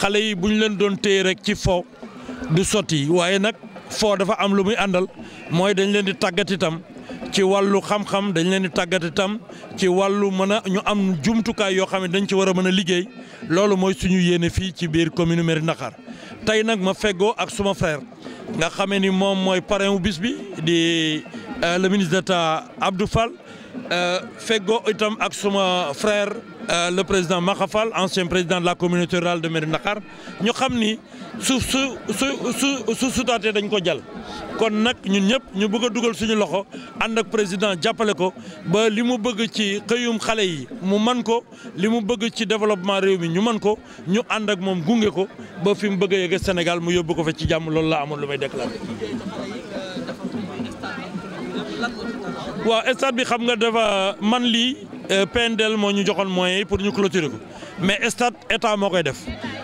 xale yi bu ñu leen doon téye rek ci fo du sotti waaye nag foo dafa am lu muy àndal mooy dañ leen di tàggat itam ci wàllu xam-xam dañ leen di tàggat itam ci wàllu mën a ñu am jumtukaay yoo xam ne dañ ci war a mën a liggéey loolu mooy suñu yéene fii ci biir commune Merina Dakhar tey nag ma feggoo ak suma frère nga xame ni moom mooy parrain wu bis bi di euh, le ministre d'État Abdou Fall euh, itam ak suma frère. Euh, le président Makha Fall ancien président de la communauté rurale de Mérina Dakhar ñu xam ni suuf su su su su su taatee dañ ko jal kon nag ñun ñëpp ñu bëgg a dugal suñu loxo ànd ak président jàppale ko ba li mu bëgg ci xëyum xale yi mu man ko li mu bëgg ci développement réew mi ñu man ko ñu ànd ak moom gunge ko ba fi mu bëgg a yegg Sénégal mu yóbbu ko fa ci jàmm loolu laa amoon lu may déclaré. waaw stade bi xam nga dafa man lii. Euh, PNDL moo ñu joxoon moyens yi pour ñu clôturer ko mais stade état moo koy def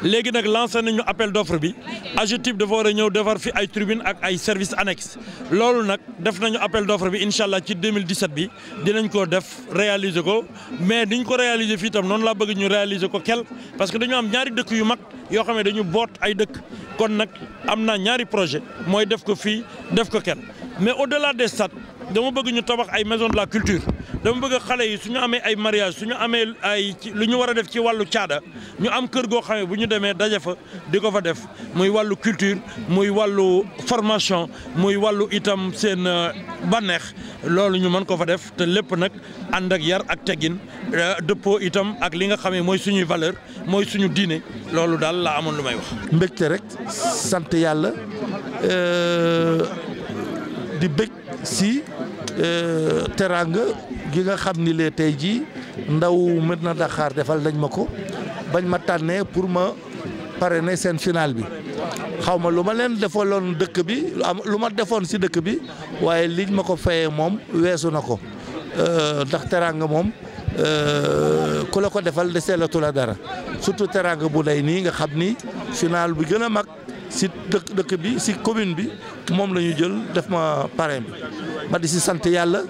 léegi nag lancé nañu appel d'offre bi AGETIP dafa war a ñëw defar fi ay tribune ak ay services annexes loolu nag def nañu appel d'offre bi incha allah ci 2017 bi dinañ ko def réaliser ko mais diñ ko réaliser fii tam noonu laa bëgg ñu réaliser ko kel parce que dañu am ñaari dëkk yu mag yoo xam ne dañu boot ay dëkk kon nag am naa ñaari projet mooy def ko fii def ko kel mais au delà des stades dama bëgg ñu tabax ay maison de la culture dama bëgg xale yi su ñu amee ay mariage su ñu amee ay lu ñu war a def ci wàllu caada ñu am kër goo xamee bu ñu demee daje fa di ko fa def muy wàllu culture muy wàllu formation muy wàllu itam seen euh, banneex loolu ñu mën ko fa def te lépp nag ànd ak yar ak teggin euh, dëppoo itam ak li nga xamee mooy suñuy valeur mooy suñu diine loolu daal laa amoon lu may wax. mbégte rek sant yàlla euh, di bég si. Euh, teraanga gi nga xam ni lee tey jii ndaw mën na Dakar defal dañ ma ko bañ ma tànnee pour ma pare ne seen final bi xaw ma lu ma leen defaloon dëkk bi lu ma defoon si dëkk bi waaye liñ ma ko fayee moom weesu na ko euh, ndax teraanga moom euh, ku la ko defal deseelatu la dara surtout teraanga bu day nii nga xam ni final bi gën a mag. si dëkk dëkk bi si commune bi moom la ñu jël def ma parrain bi ma di si sant yàlla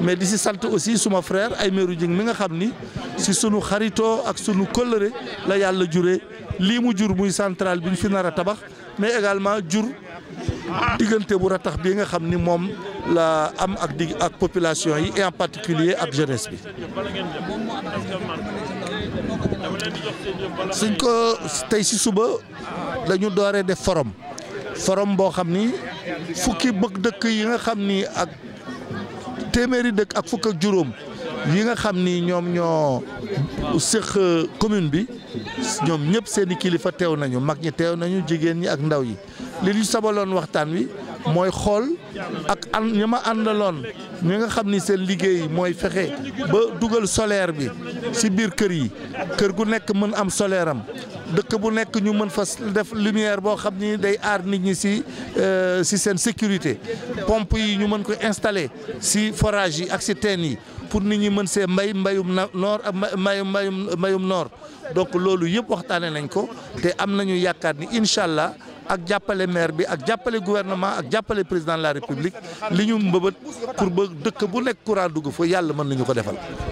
mais di si sant aussi suma frère ay meeru jing mi nga xam ni si sunu xaritoo ak sunu kóllëre la yàlla juree jur muy centrale bi ñu fi nar a tabax mais également jur diggante bu ratax bi nga xam ni moom la am ak dig ak population yi et en particulier ak jeunesse bi. suñ ko tey si suba. dañu dooree def forom forom boo xam ni fukki bëgg dëkk yi nga xam ni ak téeméeri dëkk ak fukk ak juróom yi nga xam ni ñoom ñoo séq commune bi ñoom ñëpp seeni kilifa teew nañu mag ñi teew nañu jigéen ñi ak ndaw yi li ñu sabaloon waxtaan wi mooy xool ak an ña ma àndaloon ñi nga xam ni seen liggéey mooy fexe ba dugal solaire bi si biir kër yi kër gu nekk mën am solaire am dëkk bu nekk ñu mën fa def lumière boo xam ni day aar nit ñi ci euh, ci seen sécurité pompe yi ñu mën ko installer si forage yi ak ci teen yi pour ni ñi mën see mbay mbayum noor ak euh, mbayum mbayum mbayum noor donc loolu yëpp waxtaane nañ ko te am nañu yaakaar ni incha allah ak jàppale maire bi ak jàppale gouvernement ak jàppale président de la république li ñu mbëbët pour ba dëkk bu nekk courant dugg fo yàlla mën nañu ko defal